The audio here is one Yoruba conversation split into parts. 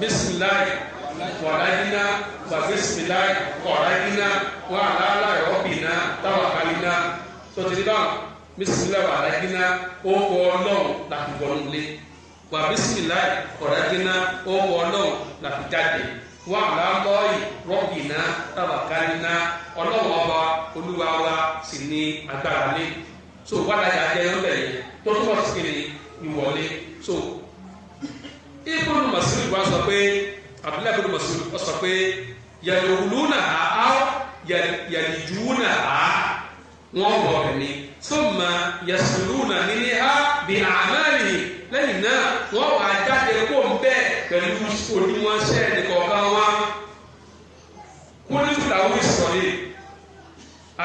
bisimilayi wàlájínà wà bisimilayi wàlájínà wà aláàlá rọ́bìnà tàwákàlínà tòtìrí báwọn bisimilayi wàlájínà ó kọ ọlọ́run wà bisimilayi wàlájínà ó kọ ọlọ́run wà aláàlọ́yì rọ́bìnà tàwákàlínà ọlọ́run ọba olúwa sì ní agbára lé so wàlájà jẹ́ yọ̀ọ́ bẹ̀rẹ̀ tó túbọ̀ sí kiri ìwọlé so ibn Mas'ud wa sọ pé Abdullahi ibn Mas'ud wa sọ pé yàlùwùlù náà á yàlìjú náà á wọn wọ ẹni sọmọ yasulu náà nílé á bí àmàlì lẹ́yìn náà wọn wà jáde kó n bẹ pẹ̀lú oníwọn sẹẹni kọ̀ọ̀kan wa kúlí fúláwù ìsọlẹ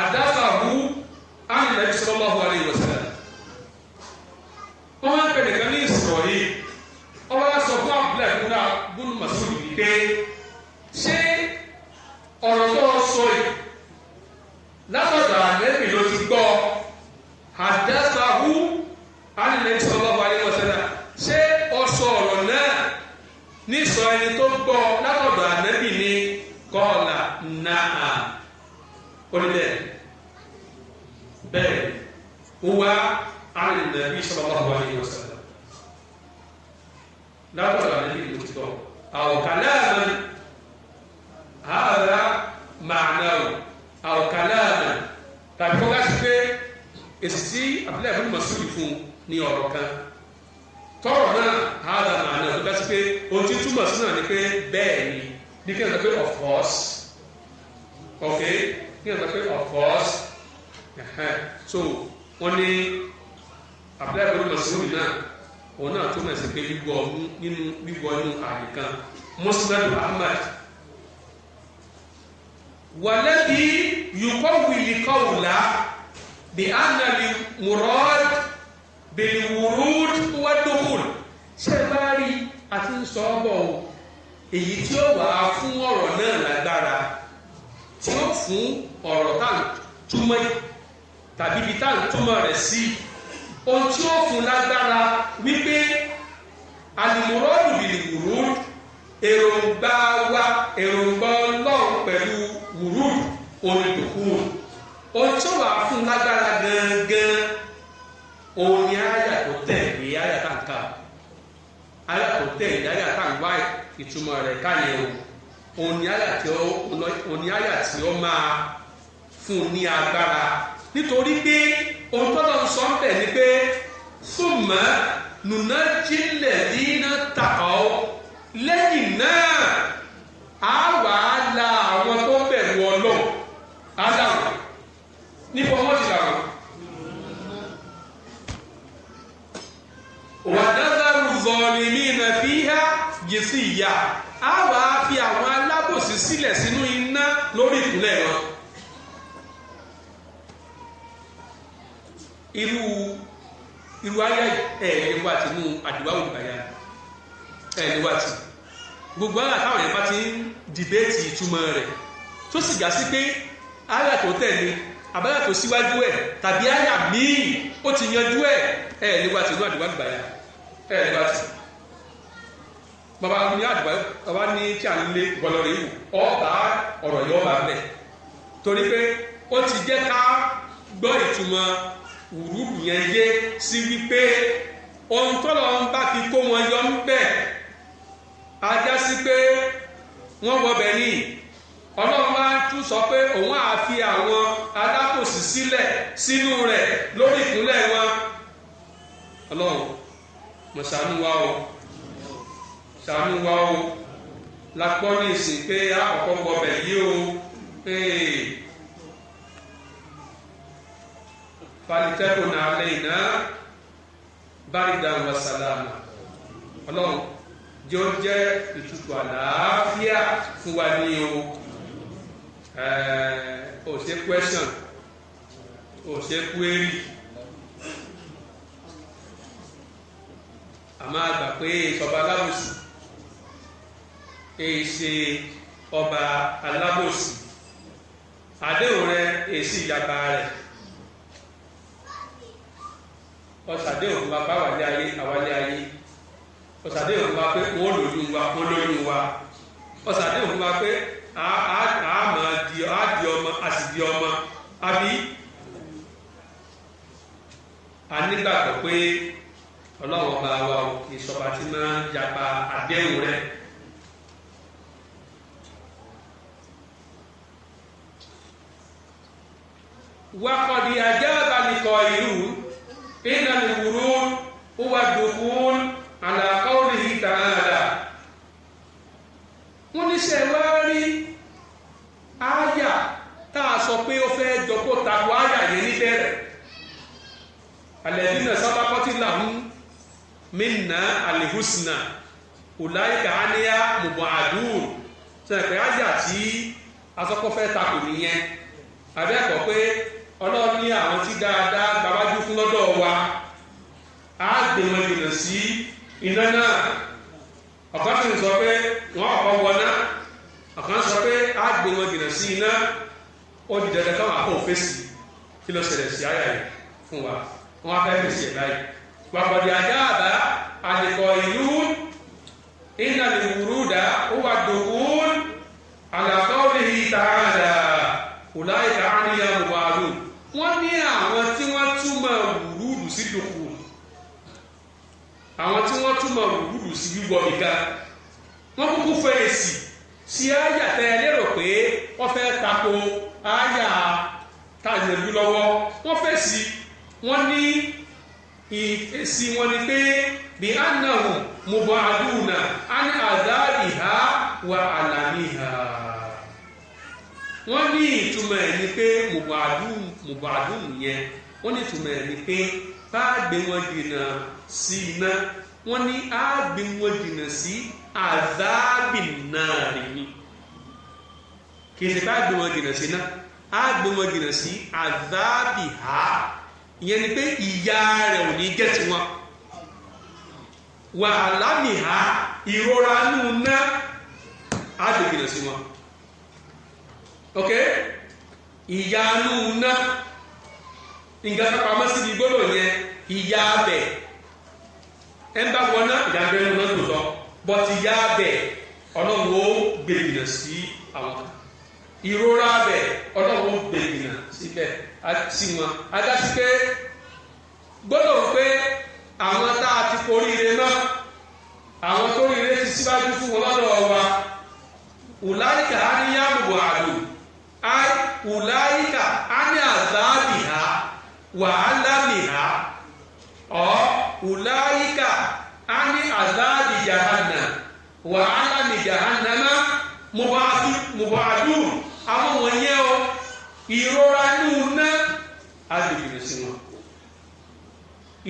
àdàbàbù ànàbì sallallahu alaihi wasallam wọn bẹ nìkan ní ìsọlẹ ọba sọ fún abúlé ìfúnra gbónú màsúlù yìí pé ṣé ọ̀rọ̀ tó sọ yìí látọ̀dọ̀ àlẹ́bí ló ti gbọ́ àdásáwú alẹ́ sallallahu alaihi wasallam ṣé ọsọ ọ̀rọ̀ náà nísọ ẹni tó gbọ́ látọ̀dọ̀ àlẹ́bí ni kọ́ọ̀là náà onílẹ̀ bẹ́ẹ̀ wá alẹ́ nàbí sallallahu alaihi wasallam látọ̀dọ̀ àlejò ìlú ti tọ̀ àwòkàláàmà ààrà màánáwò àwòkàláàmà tàbí kọ́ká sí pé èsì tí abdullahi fún masudi fún ní ọ̀rọ̀ kan tọrọ náà ààrà màánáwò kọ́ká sí pé ohun tí túmọ̀ sí náà of course okay kí n sọ of course so wọ́n ní abdullahi fún masudi náà. òun náà túmọ̀ sí pé wíwọ nínú wíwọ inú àyè ahmed wàlẹ́bí yòókọ́ wuli kọ́wùlá bí anali murad bèlì wùrúd wàdókùn ṣé bá àti o èyí tí ó wà fún ọ̀rọ̀ náà lágbára tí ó fún ọ̀rọ̀ tá túmọ̀ Si ohun tí ó fún lágbára wípé alimurọ́dù bìlì wùrú èròǹgbà wa èròǹgbà ọlọ́run pẹ̀lú wùrú onídùkú ohun tí ó wà fún gangan òun ni àyà tó tẹ̀lé àyà o ni ni ohun tó lọ sọ ń bẹ̀ ni pé summa nunajji alladhina taqaw lẹ́yìn náà á wà á la àwọn tó bẹ̀rù ọlọ́run á dàrú nípa wọn ti dàrú. wa nadharu zalimina fiha jisiyya á wà á fi àwọn alábòsí sílẹ̀ sínú iná lórí ìkúnlẹ̀ wọn. irú irú ayá ẹ̀ẹ́dẹ́gbà tinú àdúrà olùbàyà ẹ̀ẹ́dẹ́gbà tì gbogbo ara táwọn yẹn bá ti ń dìbẹ́ẹ̀tì ìtumọ̀ rẹ̀ tó sì gà sí pé ara tó tẹ̀lé abala tó síwájú ẹ̀ tàbí àyà míì ó ti yanjú ẹ̀ ẹ̀ẹ́dẹ́gbà tinú àdúrà olùbàyà ẹ̀ẹ́dẹ́gbà tì baba ní àdìbà baba ní kí à ń lé bọlọrọ yìí ọba ọ̀rọ̀ yìí ọba bẹ torí pé ó ti jẹ ká gbọ́ ìtumọ̀ wùrúùrù yẹn yé sí wípé ohun tọ́lọ̀ ń bá fi kó wọn yọ ń bẹ̀ ajá sí pé wọ́n wọbẹ̀ ní ọlọ́run máa ń tún sọ pé òun á fi àwọn alákòsí sílẹ̀ sínú rẹ̀ lórí ìkúnlẹ̀ wọn ọlọ́run mọ̀ ṣàánú wa o ṣàánú wa o la gbọ́ ní ìsìn pé àkọ́kọ́ wọbẹ̀ yìí o. Hey. falitakun alayna baridan wa salama ọlọ́run jẹ́ ó jẹ́ ìtutù àlàáfíà fún wa ní o ò ṣe question ò ṣe query àmọ́ àgbà pé ìṣọba alábòsí èyí ṣe ọba alábòsí àdéhùn rẹ èsì ìjàmbá rẹ ọ̀sàdé òun wa bá wàlé ayé àwálé ayé ọ̀sàdé òun wa pé wọ́n lóyún wa wọ́n lóyún wa ọ̀sàdé òun wa pé àmọ̀ di ọmọ àsìdí ọmọ àbí anígbàgbọ́ pé ọlọ́run ọba wa ò kì í sọba tí máa ń yapa àdéhùn rẹ̀. wakọ̀dí ajá balùkọ̀ ìlú. إذا الورود هو الدخول على قوله تعالى wọ́n ní ṣe wá rí àyà tá a sọ pé ó fẹ́ jọpọ̀ tako àyà yẹn níbẹ̀rẹ̀ alẹ́dínà sábàkọ́tì làwọn minna alihusna ọ̀làyíkà ánìyà mùbàdùn sẹ̀pẹ̀ àyà tí asọ́kọ́ fẹ́ nìyẹn abẹ́kọ̀ pé àwọn tí dáadáa gbàgbá. á gbé wọn jìnnà sí iná náà ọ̀kan sì ń sọ pé wọ́n ọ̀kọ́ wọná ọ̀kan sọ pé á gbé sí iná ó di dandan káwọn àpò fèsì kí ló ṣẹlẹ̀ sí àyà yìí fún wa wọ́n á fẹ́ fèsì ẹ̀ báyìí wàkọ̀dì àjá àbá àdìkọ̀ ìlú iná lè wúrú dá ó wà dùnkún àlàkọ́ òrìhì tààdà kò láyé ká á níyà wàlú wọ́n ní àwọn tí wọ́n túmọ̀ wúrúdù sí dùnkún. àwọn tí wọ́n túmọ̀ rúgùdù sí wíwọ nìkan wọ́n kúkú fèsì sí a tẹ lérò pé wọ́n fẹ́ tako àyà tàyẹ̀lú lọ́wọ́ wọ́n fèsì wọ́n ní ìfèsì wọn ni pé bí àdá ìhá wa àlàní ìhá wọ́n ní ìtumọ̀ ẹ̀ ni pé mubọ adúna yẹn wọ́n ní ìtumọ̀ ẹ̀ ni pé. bá a gbé wọn dìnnà sí iná wọn ní a wọn dìnnà sí àdábì náà rè ni kì í ṣe bá a gbé wọn dìnnà sí iná a gbé wọn dìnnà sí àdábì ha ìyẹn ni pé ìyá rẹ̀ ò ní jẹ́ tiwọn wàhálà mi ha ìrora nù ná a dìnnà sí wọn ok ìyanu náà nǹkan kan pamọ́ síbi gbọ́dọ̀ yẹn ìyá abẹ ẹ ń bá wọn ná ìdájọ́ ẹnu náà lòótọ́ but ìyá abẹ ọlọ́run ó gbèbìnà sí àwọn kan ìrora abẹ ọlọ́run ó gbèbìnà síbẹ̀ sí wọn adásí pé gbọ́dọ̀ a ti forí ire náà àwọn tó rí ti síwájú fún wọn wa ò láyé. wàhálàmìhà ọ̀ wùláyíkà á ní àzáàdì jahanna wàhálàmì jahannama mubadun àwọn wọ̀nyẹ́ o ìrora inú ná agbègbè sí wọn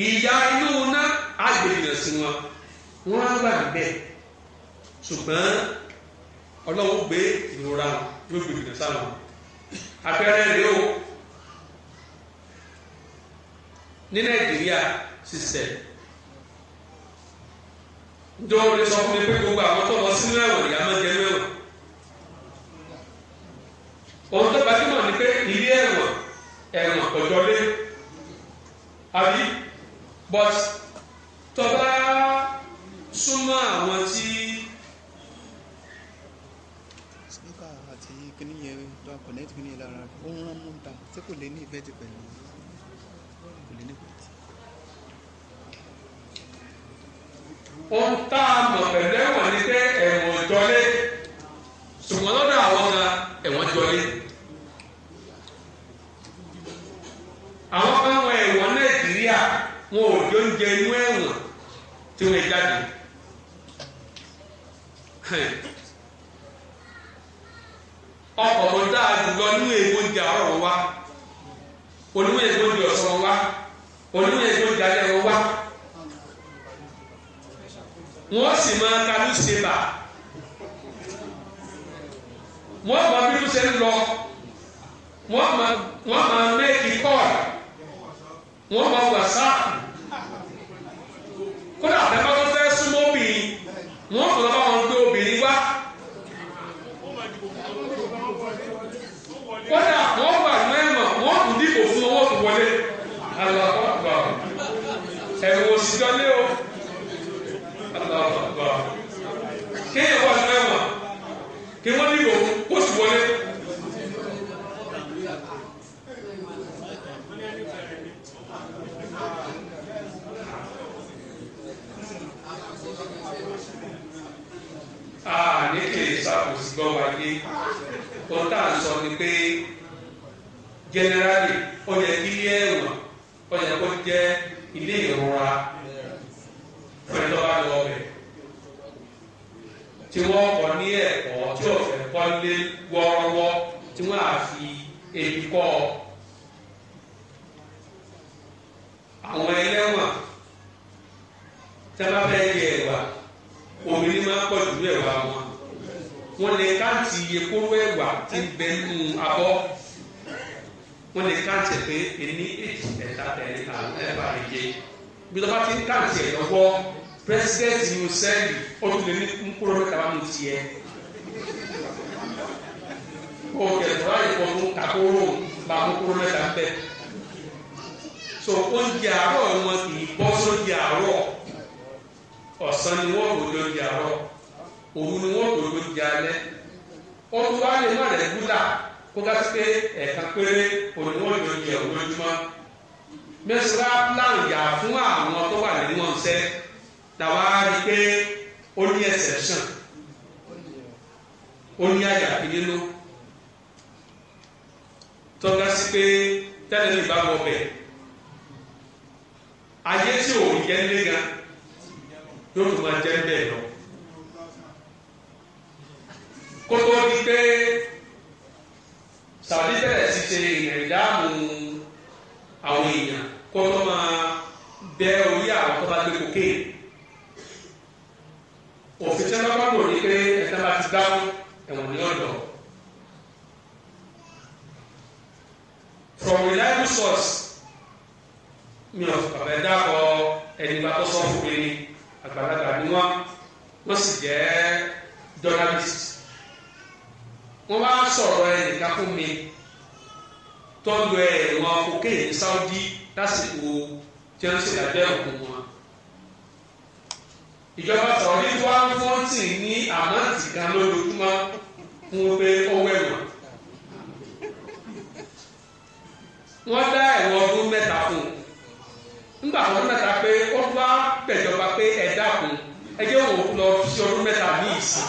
ìyá inú ná agbègbè sí wọn wọn á gbà bẹ́ẹ̀ ṣùgbọ́n ọlọ́run gbé ìrora yóò gbègbè sáwọn apẹẹrẹ rèé o ní nàìjíríà sísẹ ntọ́ ní sọ fún mi pé gbogbo àwọn tó lọ sínú ẹ̀wọ̀n ìyá máa ń jẹnu ẹ̀wọ̀n ohun tó bá dínà ni pé ilé ẹ̀wọ̀n ẹ̀wọ̀n ọ̀jọ́ lé àbí but tọ́ba súnmọ́ àwọn tí. snooker àti kìnìyẹn tó a connect kìnìyẹn lára ó ń rán mú tí kò lè ní ìfẹ́ ti pẹ̀lú. ohun tá a mọ̀ pẹ̀lú ẹ̀wọ̀n ni pé ẹ̀wọ̀n jọlé ṣùgbọ́n lọ́dọ̀ àwọn ọ̀gá ẹ̀wọ̀n jọlé. àwọn fáwọn ẹ̀wọ̀n nàìjíríà wọn ò jọ ń jẹ inú ẹ̀wọ̀n tí wọ́n jáde. ọkọ̀ tó dáa jùlọ nínú èèwọ̀ oúnjẹ àárọ̀ wa onímọ̀ èèwọ̀ oúnjẹ ọ̀sán wa onímọ̀ èèwọ̀ oúnjẹ alẹ́ wa wọ́n sì máa ka newspaper wọ́n máa bí lóṣẹ́ ń lọ wọ́n máa wọ́n máa mẹ́ẹ̀kì kọ́ọ̀lù wọ́n máa wàsáàpù kódà àtàkọ́ tó fẹ́ súnmọ́ obìnrin wọ́n fọ̀rọ̀ bá wọn gbé obìnrin wá kódà wọ́n wà mẹ́mọ̀ wọ́n kù dìbò fún owó tó wọlé àlọ́ àkọ́kọ́ ẹ̀wọ̀n òṣìṣẹ́ lé o. kéèyàn wà sọ ẹ̀wọ̀n kí wọ́n dìbò kó sì wọlé. ní ń sọ ni pé generally ó kí ilé ẹ̀wọ̀n ó kó jẹ́ ilé ìrora pẹ̀lú ọba lọ́wọ́ bẹ̀rẹ̀ tí wọ́n kọ́ ní ẹ̀kọ́ tí ọ̀fẹ́ kọ́ lé wọ́ọ́rọ́wọ́ tí wọ́n á fi ebi kọ́ ọ. àwọn ẹlẹ́wọ̀n tẹ́lá fẹ́ yẹ ẹ̀wà omi ní máa pọ̀ jù ẹ̀wà wọn wọ́n lè káàtì iye kóró ẹ̀wà tí ń bẹ nínú abọ́ wọ́n lè káàtì pé èyí ní èjì ẹ̀ta ẹ̀ta ẹ̀ta ẹ̀ta ẹ̀jẹ̀ bí lọ́ba ti ń káàtì ẹ̀ lọ́wọ́. president Museveni otule ní nkúrò ní kaba O tiẹ̀ kò kẹtọ ayé kọtun kakoro ba nkúrò ní kaba so oúnjẹ àárọ̀ wọn kì í bọ́ sóúnjẹ àárọ̀ ni wọ́n kò lóúnjẹ àárọ̀ òun ni kò má kó pé péré òun plan yà tàwa rí i pé ó ní exception ó ní àyàfi nínú tọ́ka sí pé tẹ́lẹ̀ mi bá wọ bẹ̀ ayé tí ò ń yẹ nílé gan yóò tún máa jẹ́ bẹ́ẹ̀ lọ kótó di pé sàbí bẹ̀rẹ̀ sí ṣe ìrìnàmù àwọn èèyàn kótó máa bẹ́ orí àwọn tó bá gbé kokéè òfin tí wọn ní pé ẹ̀ka bá ti dáhùn ẹ̀wọ̀n ní ọ̀dọ̀. from reliable source mi ò bàbá ẹ dábọ̀ ẹni bá tó sọ fún mi ní àgbàlagbà ni wọn wọn sì jẹ́ journalist wọn bá sọ̀rọ̀ ẹnìkan fún mi tọ́jú ẹ̀ wọn kò kéèyàn Saudi lásìkò tí wọn sì dájọ́ ẹ̀kún wọn ìjọba sọ̀rí wá fọ́ǹtì ní àmọ́ǹtì kan lójoojúmọ́ fún pé ó wẹ̀wọ̀n. wọ́n dá ẹ̀wọ̀n ọdún mẹ́ta fún un nígbà wọn mẹ́ta pé ó bá pẹ̀jọba pé ẹ dákun ẹ jẹ́ òun lọ sí ọdún mẹ́ta míì sí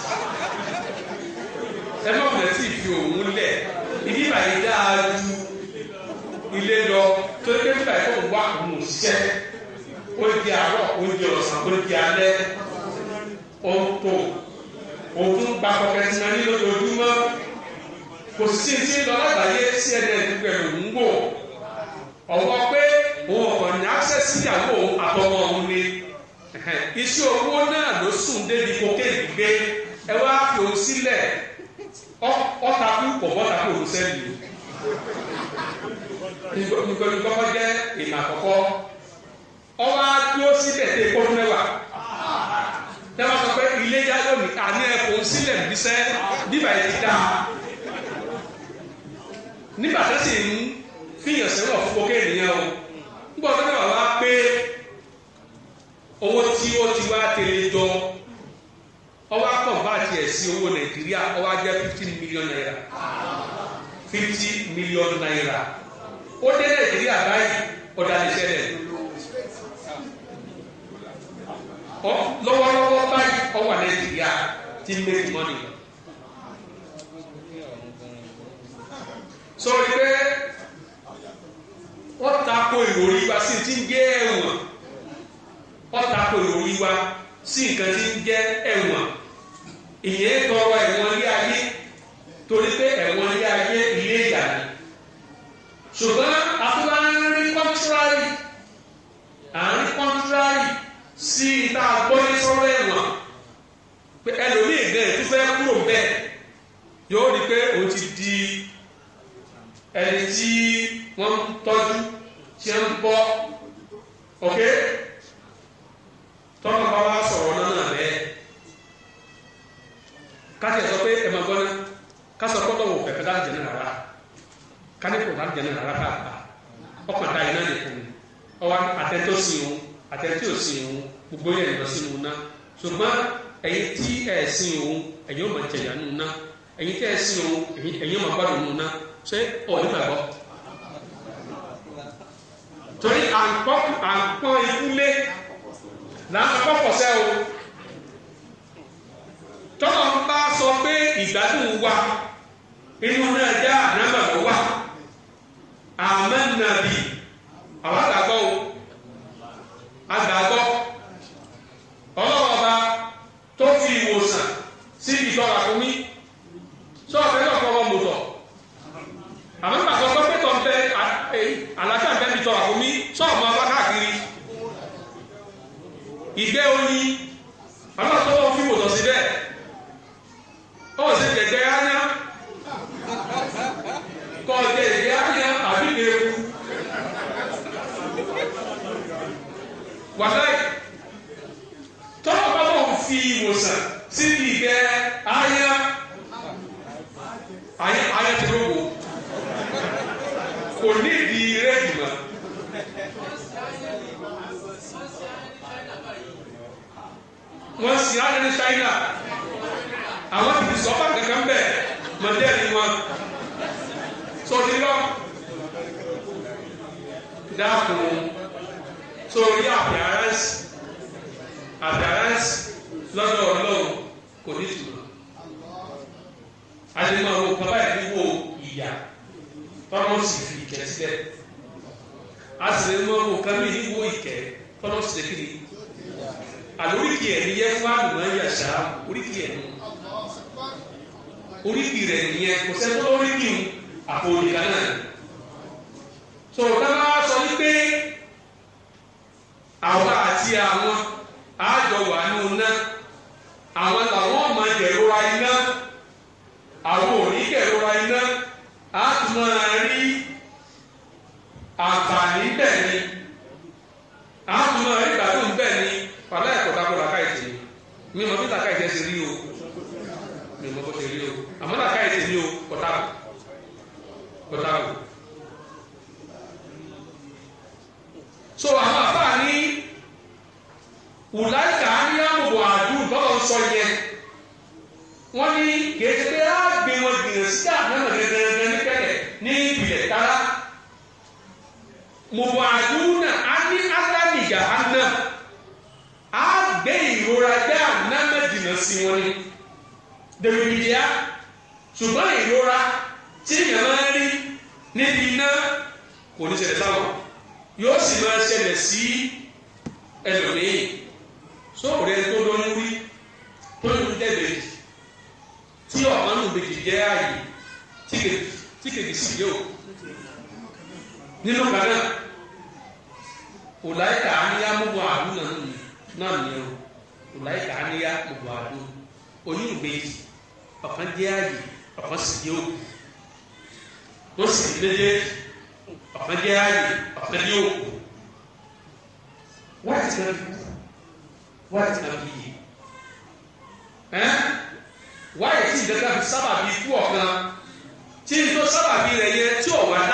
ẹ má wùlẹ̀ sí ìfi òun lẹ̀ ìdí ìbàdí dáa ju ilé lọ torí pé nígbà yẹn kó wà òun òṣìṣẹ́. ó di àárọ̀ oúnjẹ ọ̀sán ó di alẹ́ ohun tó òun gba pọkẹtì ní lójoojúmọ́ kò sí sí lọ lágbàáyé cnn gbogbo ẹ̀rọ ń wò ọ̀wọ́ pé òun ọ̀kan ní access ìyàwó àtọmọ òun ni iṣẹ́ owó náà ló sùn débi kókè gbígbé ẹ wá fi òun sílẹ̀ ọ̀tàkù ọwọ́ adúró síbẹ̀ tẹ kó fún ẹwà tẹ́wọ́n sọ pé iléyà lónìí àní ẹ̀kọ́ sílẹ̀ bísẹ́ bíbà yìí ti dá nígbà tó sì ń fún o wá pé owó tí ó ti wá tẹ̀lé jọ ọwọ́ akọ̀ bá tiẹ̀ sí owó nàìjíríà ọwọ́ ajẹ́ fifteen million naira fifty million naira ó dé nàìjíríà báyìí ọ̀dà lè ṣẹlẹ̀. lọ́wọ́lọ́wọ́ báyìí ọ wà nàìjíríà tí ń make money. sọ wípé wọ́n tako ìròyìn wa sí ti ń jẹ́ ẹ̀wọ̀n wọ́n tako ìròyìn wa sí nǹkan tí ń jẹ́ ẹ̀wọ̀n ìyẹn tọrọ ẹ̀wọ̀n ilé ayé torí pé ẹ̀wọ̀n ilé ayé ilé ìyà ni ṣùgbọ́n àtúwárí kọ́ńtúrárì àárín kọ́ńtúrárì. sí ìta gbọ́yé sọ́rọ́ ẹ̀wọ̀n pé ẹlòmíì gan ètò fẹ́ kúrò bẹ́ẹ̀ yóò rí i pé òun ti di ẹni tí wọ́n ń tọ́jú tí ń bọ́ ok tọ́lá bá wá sọ̀rọ̀ náà bẹ́ẹ̀ káṣí ẹ̀ sọ pé ẹ̀ máa gbọ́ ná káṣọ kọ́tọ̀ wò pẹ̀pẹ́ láti jẹ̀nà rárá kánífò láti jẹ̀nà rárá bá ọkàn nìkan ọwọ́ àtẹ̀tọ́ sí gbogbo yẹn lọ sínú ná ṣùgbọ́n ẹ̀yin tí ẹ̀ sin òun ẹ̀yin ọmọ jẹ̀yà nù ná ẹ̀yin tí ẹ̀ sin òun ẹ̀yin ọmọ gbádùn nù ná ṣé ọ̀ nígbà gbọ́. torí à ń pọ́n ikú lé là ń o tọ́lọ̀ ń bá sọ pé ìgbádùn wa inú náà wà àwọn àgbàgbọ́ o àgbàgbọ́. lọ ràkúnmí sọ́ọ̀fẹ́ náà kọ́ wọn mọ̀tọ̀ àmọ́ nígbà tó gbọ́ pé tọ́ ń bẹ àlàáfíà ń bẹ mi tọ ràkúnmí sọ́ọ̀ máa wá káàkiri ìgbẹ́ oyin àmọ́ tó wọ́n fi mọ̀tọ̀ síbẹ̀ ó sì tẹ̀tẹ̀ áyá kọ́ tẹ̀tẹ̀ áyá àbí ewu wàhálà àlóríkì ẹ̀ ní yẹ fún àlùmọ́ yà ṣá oríkì ẹ̀ nù oríkì rẹ̀ nìyẹn kò sẹ́ni tó oríkì ń àpò òyìnbá náà so tábà sọ wípé àwọn àti àwọn àjọ wà nù náà àwọn làwọn ọmọ ìjẹ̀rora iná àwọn òní ìjẹ̀rora iná á tún máa rí àǹfààní bẹ́ẹ̀ ni á rí ìgbádùn bẹ́ẹ̀ ni mi mọ̀ bí làkà ìtẹ́ ṣe rí o mi mọ̀ bó ṣe rí o àmọ́ làkà ìtẹ́ mi o kọ̀tàkù kọ̀tàkù. so àwọn àfáà ní wùláìkà ní àmọ̀bọ̀ àdúrà bọ́lá ń sọ yẹn wọ́n ní kì í ṣe pé á gbé wọn gbìyànjú sí àmọ́ gẹ́gẹ́ ní pẹ̀lẹ́ ní ìpìlẹ̀ tara mọ̀bọ̀ àdúrà. tí wọ́n ní dèmìdìá ṣùgbọ́n ìrora tí èèyàn máa rí níbi iná kò ní ṣẹlẹ̀ sáwọn yóò sì máa ṣẹlẹ̀ sí ẹlòmíì sóòrò ẹni tó lóyún rí tó lóyún dẹ́gbẹ̀ẹ́ tí ọ̀kan nù bèjì jẹ́ ààyè tí kejì sì yóò nínú kan náà kò láyé ká ní amúgbó àrùn náà nìyẹn o ọláyìí kà á ya, gbogbo àdó onílù méjì ọ̀kan jẹ́ ààyè ọ̀kan sì jẹ́ òkú wọ́n sì ní méjèèjì ọ̀kan jẹ́ ààyè ọ̀kan jẹ́ òkú wọ́n ti rẹ̀ kú wọ́n ti kan, kú yìí ẹ́ wọ́n yẹ tí ìdẹ́gbẹ́ sábà bí ikú ọ̀kan tí n tó sábà bí rẹ̀ yẹ tí ọ̀wá dá.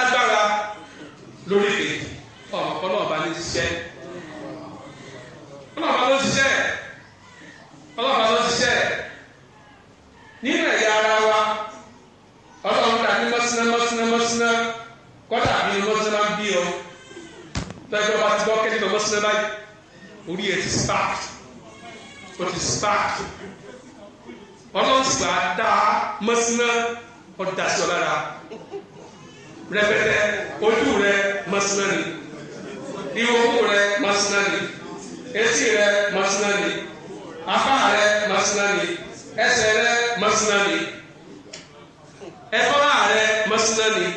sílẹ̀ báyìí orí ẹ̀ ti spark ó ti spark ọlọ́run sì wá dá mọ́síná ọ̀dà sí ọ lára rẹpẹtẹ ojú rẹ mọ́síná ni ìwòkú rẹ mọ́síná ni etí rẹ mọ́síná ni apá rẹ mọ́síná ni ẹsẹ̀ rẹ mọ́síná ni ẹfọ́ra rẹ mọ́síná ni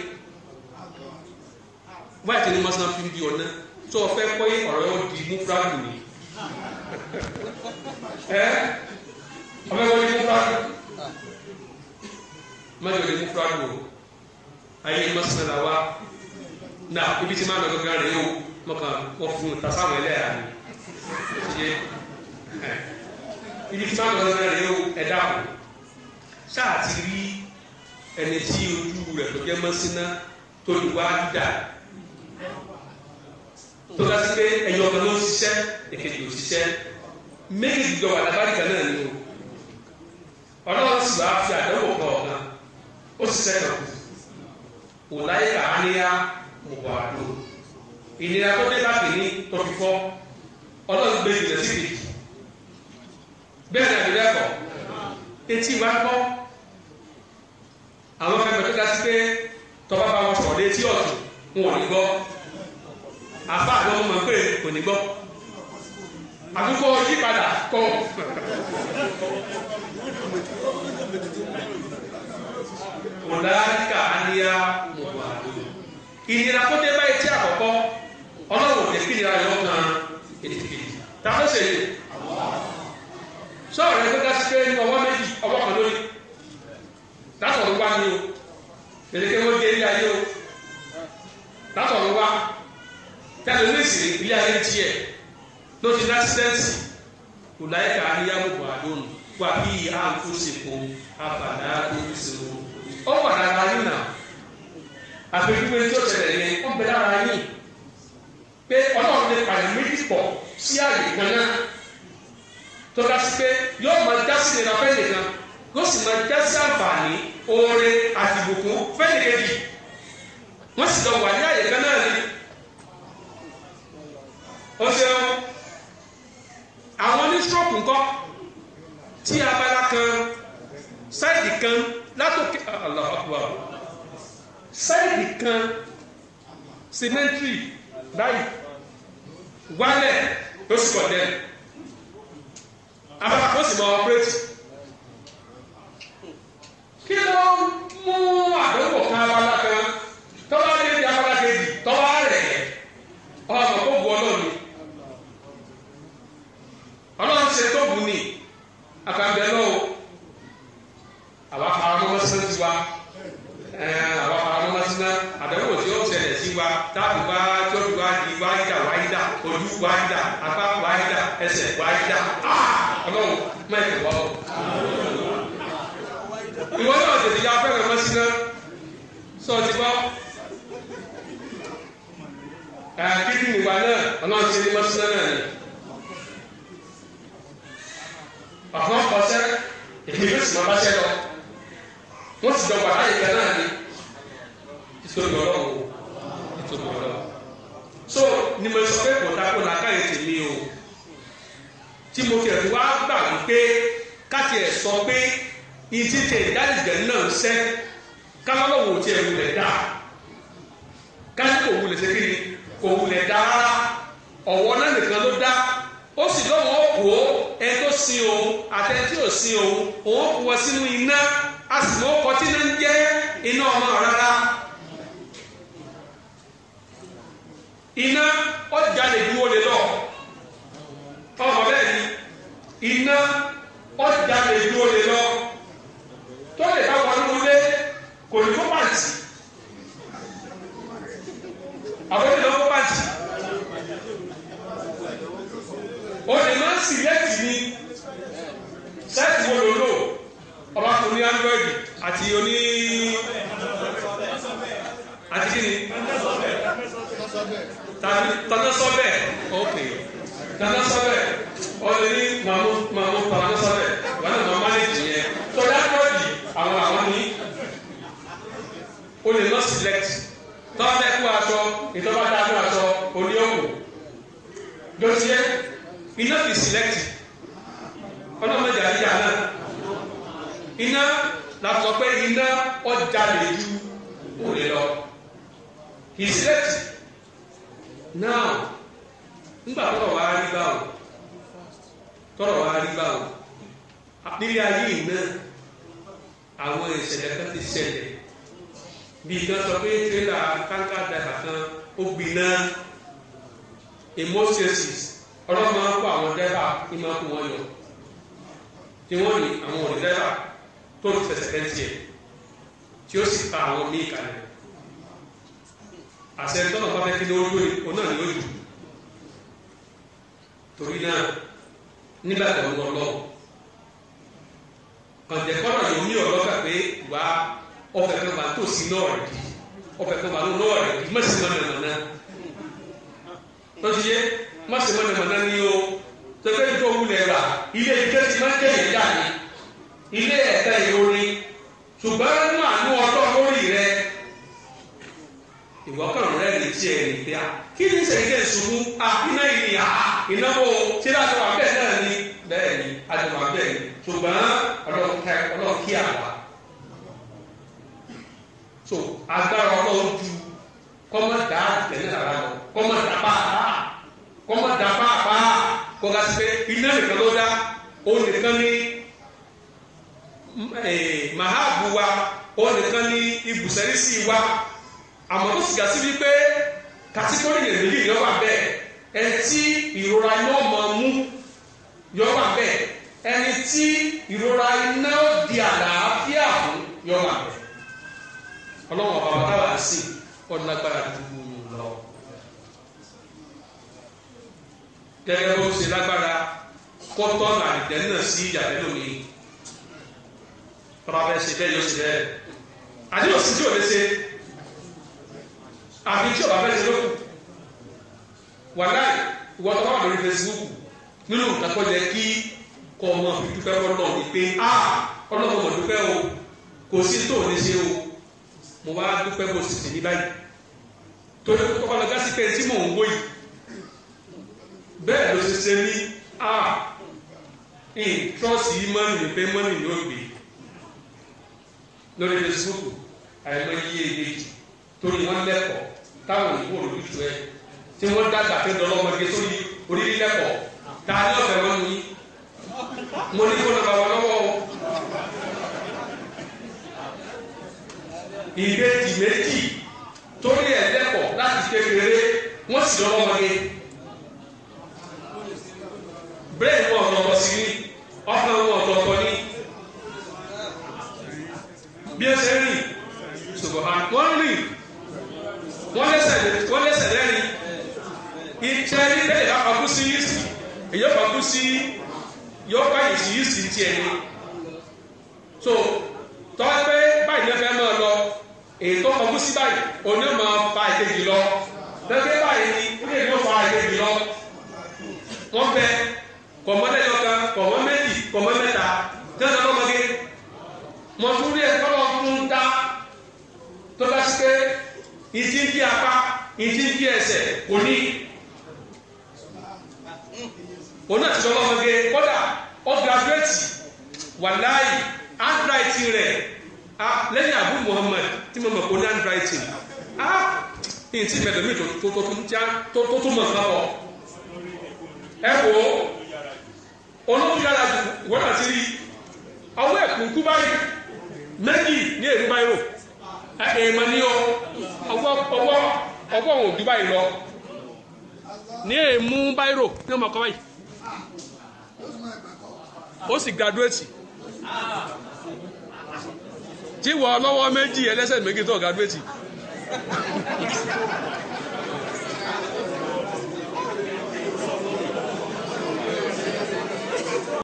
wáyé tẹ́lẹ̀ mọ́síná fi ń di ọ̀nà tó o fẹ́ pé ọ̀rọ̀ yóò di múfúráàdù ni ẹ ọbẹ̀ wọlé múfúráàdù mọ́ni wọlé múfúráàdù o ayé mọ́sálà wa náà ibi tí máa lọ gbọ́dọ̀ rẹ̀ yóò mọ̀kà wọ́n fún un tasáwọn ẹlẹ́yà ni ṣe ibi tí máa lọ gbọ́dọ̀ rẹ̀ yóò ẹ̀dá kù ṣáà ti rí ẹni tí ojú rẹ̀ tó jẹ́ mọ́síná tó lù wá dídà tó ká sí pé ẹ̀yọ̀ kan ló ń ṣiṣẹ́ èkejì ò ṣiṣẹ́ méjèèjì jọ wà lábáríkà náà ni o ọlọ́run sì wá fi àdánwò kọ ọ̀kan ó ṣiṣẹ́ kan kù kò láyé àáníyá mọ̀gbọ́ àdó ìnira tó dé báàgì ní tọ́fífọ́ ọlọ́run gbé ìjìnlẹ̀ sí kejì bẹ́ẹ̀ ni àbílẹ̀ kọ̀ etí wa kọ́ àwọn fẹ́ẹ́ mọ̀ tó ká sí pé tọ́ba bá wọn sọ̀rọ̀ létí ọ̀tún wọn ò ní gbọ́. àbá àlọ́ mọ̀ pé kò ní gbọ́ àtúkọ̀ yípadà kọ́. ọ̀làríkà àníyá mọ̀gbà ìnira kó dé báyìí tí àkọ́kọ́ ọlọ́run ní kí nira yọ̀ kan èdèkèdè táwọn ṣe èdè sọ̀rọ̀ ẹgbẹ́ gasi ní ọwọ́ méjì ọwọ́ kan lórí látọ̀rọ̀ wá o dé ilé tẹ̀lé oníṣìí ilé ayé tiẹ̀ ló ti ní accident kò láyé ká níyàwó bọ̀ àdónù wà kí ìhà kó sèpo abàdá tó fi sèpo. ó wà lára yín nà àpèjúwe tó tẹ̀lé ní ó bẹ lára yín pé ọlọ́run lè pàdé méjì pọ̀ sí àyè kan náà tó ká sí pé yóò máa dá sí ìlera fẹ́ẹ̀ nìkan yóò sì máa dá sí àǹfààní oore àti ìbùkún fẹ́ẹ̀ nìkejì wọ́n sì lọ wà ní àyè kan náà o ṣeun àwọn oníṣọ́ọ̀pù ńkọ́ tí abala kan sáìdì kan látòkè Allahu Akbar sáìdì kan sìmẹ́ntì báyìí wálẹ̀ ló sì kọ̀ abala kan sì máa ọ̀pẹ́rẹ́tì kí ló mú àdánwò kan abala kan tọ́ba lé ní abala kejì tọ́ba rẹ̀ ọmọ kó bu ọlọ́run ọlọ́run ṣe tó bù ní àfàbẹ́ lọ́wọ́ àwa faramọ́ sẹ́ńtì wa àwa faramọ́ síná àdánwò tí ó ṣẹlẹ̀ sí wa táàbù wa tọ́jú wa di wa yídà wa yídà ojú wa yídà apá wa yídà ẹsẹ̀ wa yídà ah! ọlọ́run mẹ́rin wọ́ ìwọ náà tètè ya fẹ́rẹ̀ mọ́ síná sọ ti bọ́ kíndìnrín wa náà ọlọ́run ṣe ní mọ́ náà ni. ọ̀fọ̀ kọsẹ́ èdè yóò sì máa bá sẹ́ lọ wọ́n sì dọ̀gba láyé kan náà ni ìtòlù ọlọ́wọ́ ìtòlù ọlọ́wọ́ so ni mo sọ pé kò tako làákàyè tèmi o tí mo fi ẹ̀dùn wá gbà wípé káti ẹ̀ sọ pé ìtì tẹ ìdálìjẹ náà sẹ́ kálọ́lọ́wọ́ tí ẹ̀ wulẹ̀ dà kásìkò wulẹ̀ sẹ́kìrì kò wulẹ̀ dà rárá ọ̀wọ́ náà nìkan ló dá ó sì lọ́wọ́ ó kó ẹni tó sin òun àtẹni tí ò sin òun òun kó wọ sínú iná a sì mọ ọkọ tí náà ń jẹ́ iná ọmọ rárá iná ọjà lè dúró lè lọ ọmọ bẹ́ẹ̀ ni iná ọjà lè dúró lè lọ tó lè bá wọn lóore kò ní kó pàǹtì àwọn ènìyàn. mo lè má sílẹ̀tì ni sẹ́ẹ̀tì wo lò lò ọba kò ní android àti oní àti kí ni tanasọbẹ ok tanasọbẹ ọlẹ ní mamu mamu tanasọbẹ wọn náà mama ní jìnyẹ tọ́jà android àwọn àwọn ní o lè má sílẹ̀tì tọ́jà ẹ̀kú aṣọ ìtọ́ba dá fún aṣọ oníyọ̀wò lọ́síẹ́ iná fi sílẹ̀tì ọlọ́mọdé àyíyá náà iná làtọ̀ pé iná ọjà lè ju òrè lọ he slept now nígbà tọrọ wa rí báwo tọrọ wa rí báwo nílé ayé náà àwọn ìṣẹ̀lẹ̀ kan ti ṣẹlẹ̀ bí kan sọ pé tírélà kánká dàgbà kan ó gbiná emotions ọlọ́run máa ń kó àwọn dẹ́fà kí máa kó wọn yọ tí wọ́n ní àwọn òní dẹ́fà tó ń fẹsẹ̀ tẹ́tí ẹ̀ tí ó sì pa àwọn míì kalẹ̀ àṣẹ tọ́nà bá fẹ́ kí ló lóye òun náà lóye torí náà nígbà tó ń lọ lọ́wọ́ kọ̀ǹtẹ̀kọ́nà yóò ní ọ̀rọ̀ gbà pé wà ọ̀fẹ́ kan bá tòsí náà rẹ̀ di ọ̀fẹ́ kan bá lọ́wọ́ rẹ̀ di mọ̀sí mọ̀nà mọ̀nà tó ti yẹ má ṣe mọ̀nàmọ́ná ni o tẹ́tẹ́ tó wulẹ̀ rà ilé ìjẹ́ ti má kéèyàn dà ní ilé ẹ̀ka ìròyìn ṣùgbọ́n nínú àánú ọtọ́ lórí rẹ ìwọ́kàn rẹ lè tiẹ̀ lè fi á kí ni sẹ̀kẹ́ ìṣubú àfiná ìnìyà ìnáwó tí láti wà bẹ́ẹ̀ náà ni bẹ́ẹ̀ ni àdùnnà bẹ́ẹ̀ ni ṣùgbọ́n ọlọ́run kí àwa so agbára ọlọ́run ju kọ́mọ̀tà tẹ̀lé àrà lọ kọ́mọ̀tà bá a kọ́ máa dà pàápàá kọ́ ka se pé iná nìkan ló dá òun nìkan ní màhábù wa òun nìkan ní ibùsẹ̀rísì wa àmọ́ tó sì ga sí wípé kàtíkórì yẹn méjì yọ wà bẹ́ẹ̀ ẹni tí ìrora yóò máa mú yọ wà bẹ́ẹ̀ ẹni tí ìrora iná di àlàáfíà fún yọ wà bẹ́ẹ̀ ọlọ́wọ́n bàbá táwa sí ọ̀nà agbára dùgbò. gẹ́gẹ́ bó ṣe lágbára kọ́tọ́nù àdìdẹ́ náà sí ìyàtẹ́lò mi bàbá bẹ́ẹ̀ ṣe bẹ́ẹ̀ yóò ṣe bẹ́ẹ̀ àti yóò sì tí yóò lè ṣe àfi tí yóò bá bẹ́ẹ̀ ṣe lókù wàláì ìwọ́n tó wà lórí Facebook nínú nǹkan tó yẹ kí kọ́ ọmọ fi dúpẹ́ fọ́nà ní pé a ọlọ́mọ mọ̀ dúpẹ́ o kò sí tó ní ṣe o mo bá dúpẹ́ mo sì sì ní báyìí torí kọ́kọ́ lọ gásí pé tí mò ń wó yìí bẹ́ẹ̀ ló ṣe ṣe ní a ah, trọ́ọ̀sì yìí mọ́nì ní pé mọ́nì ni ó gbé lórí fesibúùkù àìmọye èyí tó ní wọ́n lẹ́kọ̀ọ́ táwọn òyìnbó olùdíjú ẹ tí wọ́n dàgbà pé dọ́lọ́mọdé sórí orílẹ̀-èdè ta ni ọ̀fẹ́ wọn ni mo ní kó lọ bàbá lọ́wọ́ o. ìbejì méjì torí ẹ̀ lẹ́kọ̀ọ́ láti kékeré wọ́n sì lọ́wọ́ tó bá ṣe pé ìdí ń bí apá ìdí ń bí ẹsẹ̀ kò ní. òun náà ti sọ kódà ó gírafúrẹ́tì wàláì handwriting rẹ̀ lẹ́yìn Abu Muhammad tí mo mọ̀ kó ní handwriting ní ti bẹ̀rẹ̀ mi tó tó tó mọ̀ nǹkan bọ̀ ẹ wo olóòtú yàrá ju ìwọ́n àti rí ọwọ́ ẹ̀kú kú báyìí méjì ní èrú báyìí rò èèmọ̀ ní o ọwọ́ ọwọ́ ọwọ́ òun òjú báyìí lọ ní èèmú báírò ní ọmọ ọkọ báyìí ó sì gàdúrẹ́tì tí wọ́n lọ́wọ́ méjì ẹlẹ́sẹ̀ méjì tó gàdúrẹ́tì.